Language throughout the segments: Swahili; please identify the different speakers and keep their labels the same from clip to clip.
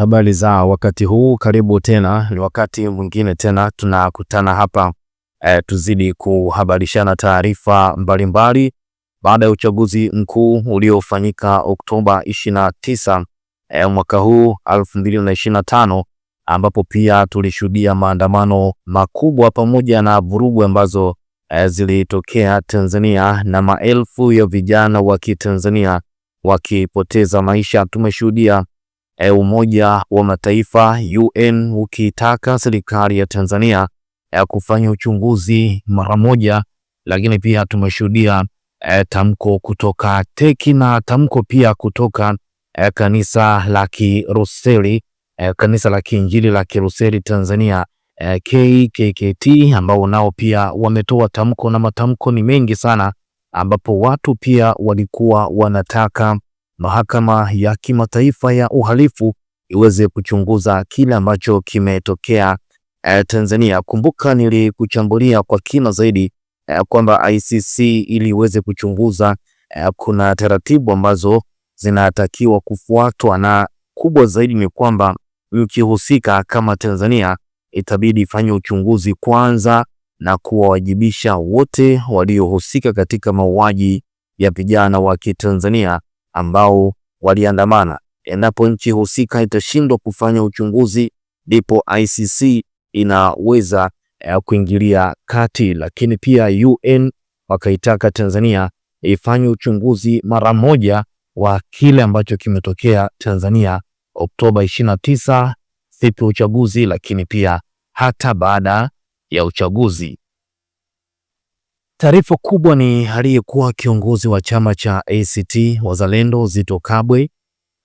Speaker 1: Habari za wakati huu, karibu tena, ni wakati mwingine tena tunakutana hapa e, tuzidi kuhabarishana taarifa mbalimbali baada ya uchaguzi mkuu uliofanyika Oktoba 29 e, eh, mwaka huu 2025 ambapo pia tulishuhudia maandamano makubwa pamoja na vurugu ambazo e, zilitokea Tanzania na maelfu ya vijana wa Kitanzania wakipoteza maisha. Tumeshuhudia e, Umoja wa Mataifa UN ukitaka serikali ya Tanzania e, kufanya uchunguzi mara moja, lakini pia tumeshuhudia e, tamko kutoka teki na tamko pia kutoka e, kanisa la Kiruseli e, kanisa la Kiinjili la Kiruseli Tanzania e, KKKT ambao nao pia wametoa tamko na matamko ni mengi sana ambapo watu pia walikuwa wanataka mahakama ya kimataifa ya uhalifu iweze kuchunguza kile ambacho kimetokea eh, Tanzania. Kumbuka nilikuchambulia kwa kina zaidi eh, kwamba ICC ili iweze kuchunguza eh, kuna taratibu ambazo zinatakiwa kufuatwa, na kubwa zaidi ni kwamba nchi husika kama Tanzania itabidi ifanye uchunguzi kwanza na kuwawajibisha wote waliohusika katika mauaji ya vijana wa Kitanzania ambao waliandamana. Endapo nchi husika itashindwa kufanya uchunguzi, ndipo ICC inaweza eh, kuingilia kati, lakini pia UN wakaitaka Tanzania ifanye uchunguzi mara moja wa kile ambacho kimetokea Tanzania Oktoba 29, siku ya uchaguzi, lakini pia hata baada ya uchaguzi.
Speaker 2: Taarifa kubwa ni aliyekuwa kiongozi wa chama cha ACT Wazalendo Zitto Kabwe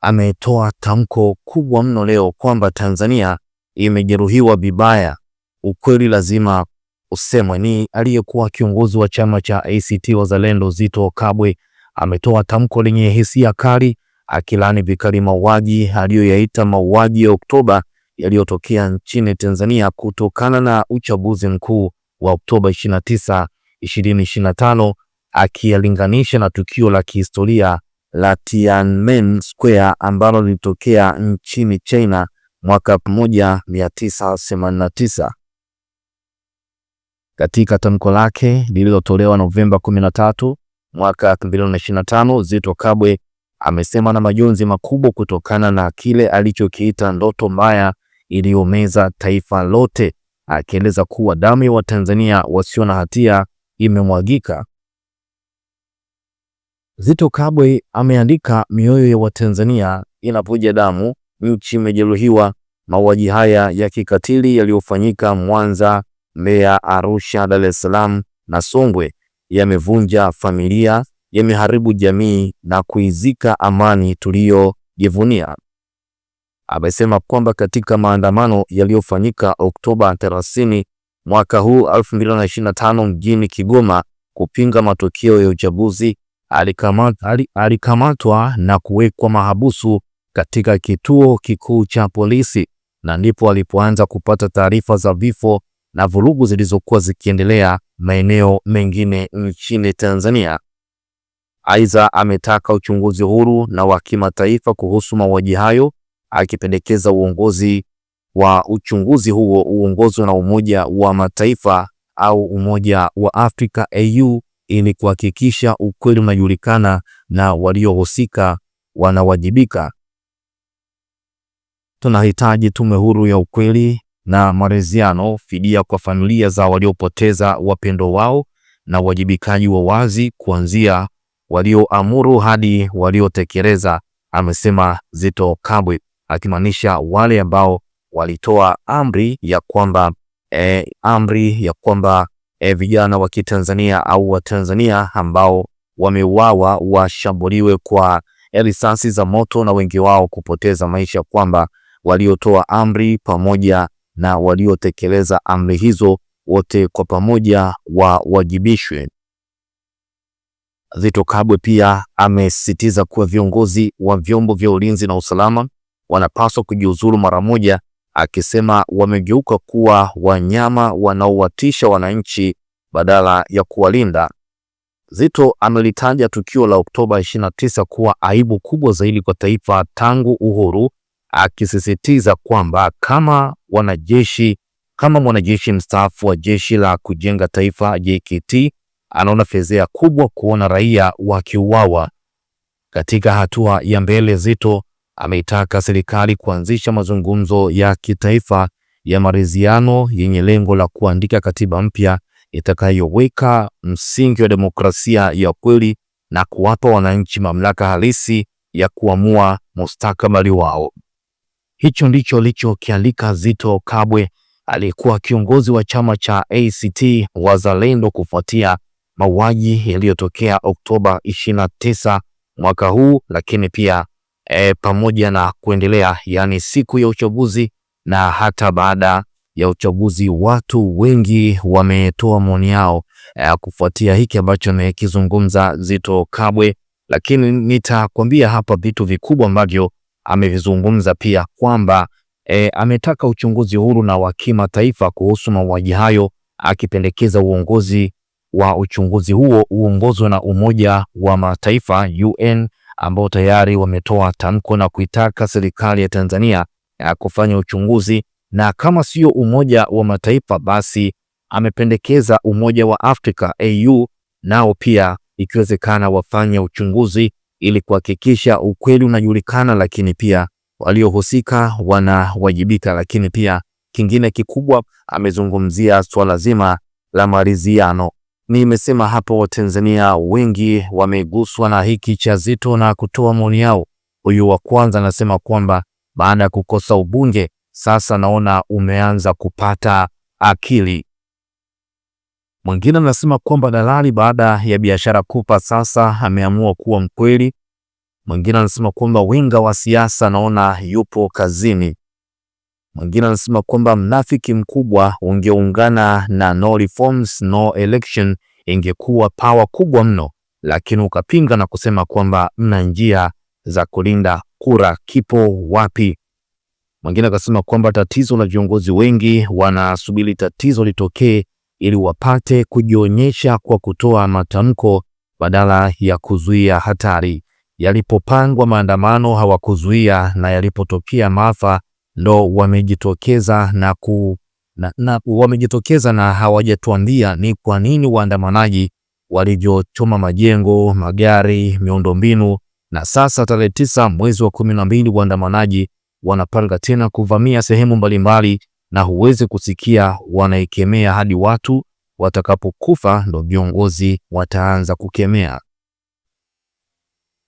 Speaker 2: ametoa tamko kubwa mno leo kwamba Tanzania imejeruhiwa vibaya, ukweli lazima usemwe. Ni aliyekuwa kiongozi wa chama cha ACT Wazalendo Zitto Kabwe ametoa tamko lenye hisia kali, akilani vikali mauaji aliyoyaita mauaji ya Oktoba yaliyotokea nchini Tanzania kutokana na uchaguzi mkuu wa Oktoba 29 2025 akiyalinganisha na tukio la kihistoria la Tiananmen Square ambalo lilitokea nchini China mwaka 1989. Katika tamko lake lililotolewa Novemba 13 mwaka 2025, Zitto Kabwe amesema na majonzi makubwa kutokana na kile alichokiita ndoto mbaya iliyomeza taifa lote, akieleza kuwa damu ya Watanzania wasio na hatia imemwagika. zito Kabwe ameandika, mioyo ya Watanzania inavuja damu, nchi imejeruhiwa. Mauaji haya ya kikatili yaliyofanyika Mwanza, Mbeya, Arusha, Dar es Salaam na Songwe yamevunja familia, yameharibu jamii na kuizika amani tuliyojivunia. Amesema kwamba katika maandamano yaliyofanyika Oktoba mwaka huu 2025 mjini Kigoma kupinga matokeo ya uchaguzi alikamatwa na kuwekwa mahabusu katika kituo kikuu cha polisi, na ndipo alipoanza kupata taarifa za vifo na vurugu zilizokuwa zikiendelea maeneo mengine nchini Tanzania. Aidha, ametaka uchunguzi huru na wa kimataifa kuhusu mauaji hayo, akipendekeza uongozi wa uchunguzi huo uongozwa na Umoja wa Mataifa au Umoja wa Afrika AU ili kuhakikisha ukweli unajulikana na waliohusika wanawajibika. Tunahitaji tume huru ya ukweli na maridhiano, fidia kwa familia za waliopoteza wapendo wao, na uwajibikaji wa wazi kuanzia walioamuru hadi waliotekeleza, amesema Zitto Kabwe, akimaanisha wale ambao walitoa amri ya kwamba e, amri ya kwamba e, vijana wa Kitanzania au Watanzania ambao wameuawa washambuliwe kwa risasi za moto na wengi wao kupoteza maisha, kwamba waliotoa amri pamoja na waliotekeleza amri hizo wote kwa pamoja wawajibishwe. Zitto Kabwe pia amesisitiza kuwa viongozi wa vyombo vya ulinzi na usalama wanapaswa kujiuzulu mara moja akisema wamegeuka kuwa wanyama wanaowatisha wananchi badala ya kuwalinda. Zito amelitaja tukio la Oktoba 29 kuwa aibu kubwa zaidi kwa taifa tangu uhuru, akisisitiza kwamba kama wanajeshi kama mwanajeshi mstaafu wa Jeshi la Kujenga Taifa JKT anaona fedhea kubwa kuona raia wakiuawa. Katika hatua ya mbele, Zito ameitaka serikali kuanzisha mazungumzo ya kitaifa ya maridhiano yenye lengo la kuandika katiba mpya itakayoweka msingi wa demokrasia ya kweli na kuwapa wananchi mamlaka halisi ya kuamua mustakabali wao. Hicho ndicho alichokialika Zitto Kabwe aliyekuwa kiongozi wa chama cha ACT Wazalendo kufuatia mauaji yaliyotokea Oktoba 29 mwaka huu, lakini pia e, pamoja na kuendelea, yaani siku ya uchaguzi na hata baada ya uchaguzi, watu wengi wametoa maoni yao e, kufuatia hiki ambacho amekizungumza Zito Kabwe, lakini nitakwambia hapa vitu vikubwa ambavyo amevizungumza pia kwamba e, ametaka uchunguzi huru na wa kimataifa kuhusu mauaji hayo, akipendekeza uongozi wa uchunguzi huo uongozwe na Umoja wa Mataifa UN ambao tayari wametoa tamko na kuitaka serikali ya Tanzania ya kufanya uchunguzi, na kama sio Umoja wa Mataifa basi amependekeza Umoja wa Afrika AU nao pia ikiwezekana wafanye uchunguzi ili kuhakikisha ukweli unajulikana, lakini pia waliohusika wanawajibika. Lakini pia kingine kikubwa amezungumzia swala zima la maridhiano Nimesema hapo Watanzania wengi wameguswa na hiki cha Zitto na kutoa maoni yao. Huyu wa kwanza anasema kwamba baada ya kukosa ubunge sasa naona umeanza kupata akili. Mwingine anasema kwamba dalali baada ya biashara kupa sasa ameamua kuwa mkweli. Mwingine anasema kwamba winga wa siasa naona yupo kazini. Mwingine anasema kwamba mnafiki mkubwa ungeungana na no reforms no election, ingekuwa pawa kubwa mno, lakini ukapinga na kusema kwamba mna njia za kulinda kura, kipo wapi? Mwingine akasema kwamba tatizo la viongozi wengi wanasubiri tatizo litokee ili wapate kujionyesha kwa kutoa matamko badala ya kuzuia hatari. Yalipopangwa maandamano hawakuzuia, na yalipotokea maafa ndo wamejitokeza na, ku, na, na, wamejitokeza na hawajatuambia ni kwa nini waandamanaji walivyochoma majengo, magari, miundombinu na sasa tarehe tisa mwezi wa kumi na mbili waandamanaji wanapanga tena kuvamia sehemu mbalimbali, na huwezi kusikia wanaikemea hadi watu watakapokufa, ndo viongozi wataanza kukemea.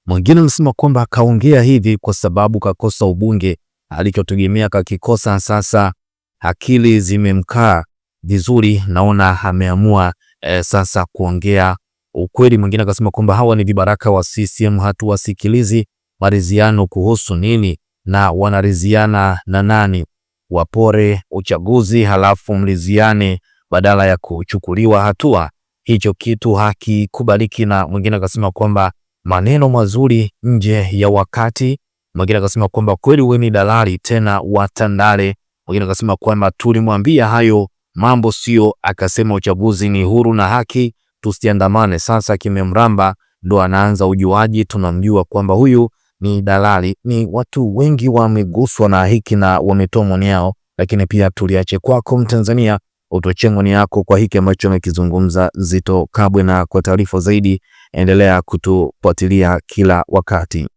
Speaker 2: Mwingine anasema kwamba kaongea hivi kwa sababu kakosa ubunge alichotegemea kakikosa, sasa akili zimemkaa vizuri, naona ameamua e, sasa kuongea ukweli. Mwingine akasema kwamba hawa ni vibaraka wa CCM, hatuwasikilizi maridhiano kuhusu nini na wanaridhiana na nani? Wapore uchaguzi halafu mliziane badala ya kuchukuliwa hatua. Hicho kitu hakikubaliki. Na mwingine akasema kwamba maneno mazuri nje ya wakati Mwingine akasema kwamba kweli wewe ni dalali tena watandale. Mwingine akasema kwamba tulimwambia hayo mambo sio, akasema uchaguzi ni huru na haki, tusiandamane. Sasa kimemramba ndo anaanza ujuaji, tunamjua kwamba huyu ni dalali. Ni watu wengi wameguswa na hiki na wametoa maoni yao, lakini pia tuliache kwako Mtanzania utochengo ni yako kwa hiki ambacho amekizungumza Zitto Kabwe, na kwa taarifa zaidi endelea kutufuatilia kila wakati.